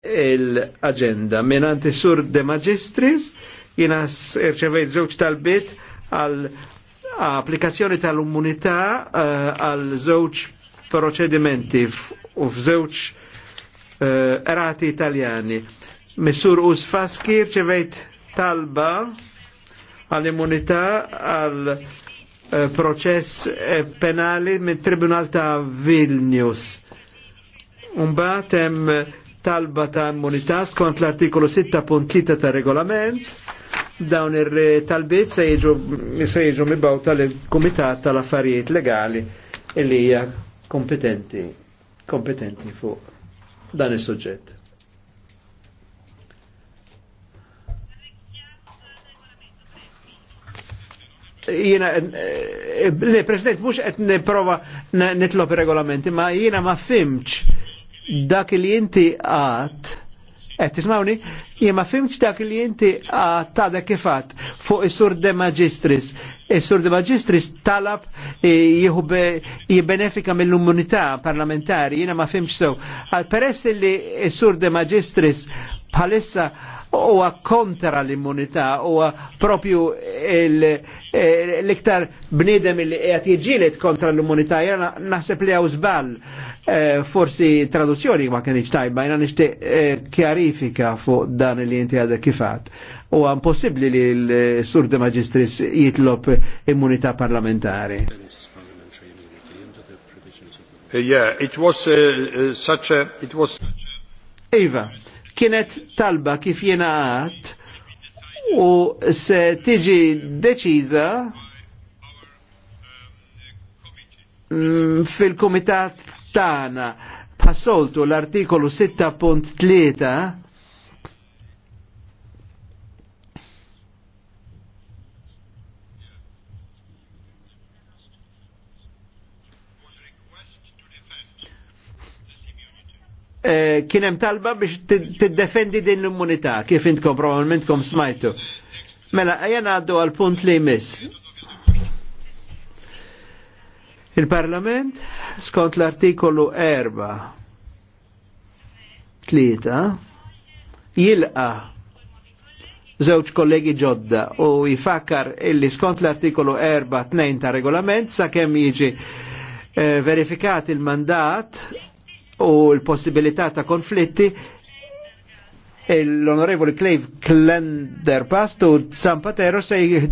l agenda Minant sur de magistris, jina s irċevejt zewċ tal-bit għal applikazzjoni tal-immunità eh, għal żewġ proċedimenti u f'żewġ eh, erati italjani. Missur Faski rċevejt talba għall-immunità għal eh, proċess penali mit-Tribunal ta' Vilnius. Umbat hemm talba ta' immunità skont l-artikolu 6.3 ta' regolament dawn ir-talbiet se jiġu se jiġu mibaw tal-Kumitat tal-Affarijiet Legali illi hija kompetenti kompetenti fuq dan is-suġġett. jina, eh, eh, le, president, mux qed niprofa nitlob regolamenti, ma jina ma fimċ dak li inti għat, qed eh, tismawni, jien fimx dak li inti għat ta' dak kifat fuq isur de magistris. Isur de magistris talab eh, jibbenefika mill-immunità parlamentari, jiena ma fimx so. Għal peress li isur de magistris palissa huwa kontra l-immunità, huwa propju eh, l-iktar bnidem li qed jiġilet kontra l-immunità, jena naħseb li hawn żball eh, forsi traduzzjoni ma kienx tajba, jena nixtieq eh, kjarifika fuq dan li inti għadha kifat. Huwa impossibbli li l-sur de magistris jitlob immunità parlamentari. Yeah, it was uh, such a, it was... Iva, Kienet talba kif jena għat u se tiġi deċiża mm, fil-komitat tana. Passoltu l-artikolu 6.3 Eh, kienem talba biex tiddefendi din l-immunità, kif intkom probabilment kom smajtu. Mela, għajan għaddu għal-punt li jmiss. Il-Parlament, skont l-artikolu 4, tlieta, jilqa żewġ kollegi ġodda u jifakkar illi skont l-artikolu 4-2 ta' regolament sa' jiġi eh, verifikat il-mandat u l-possibilità ta' konflitti l-onorevoli Clave Klenderpast u San Patero se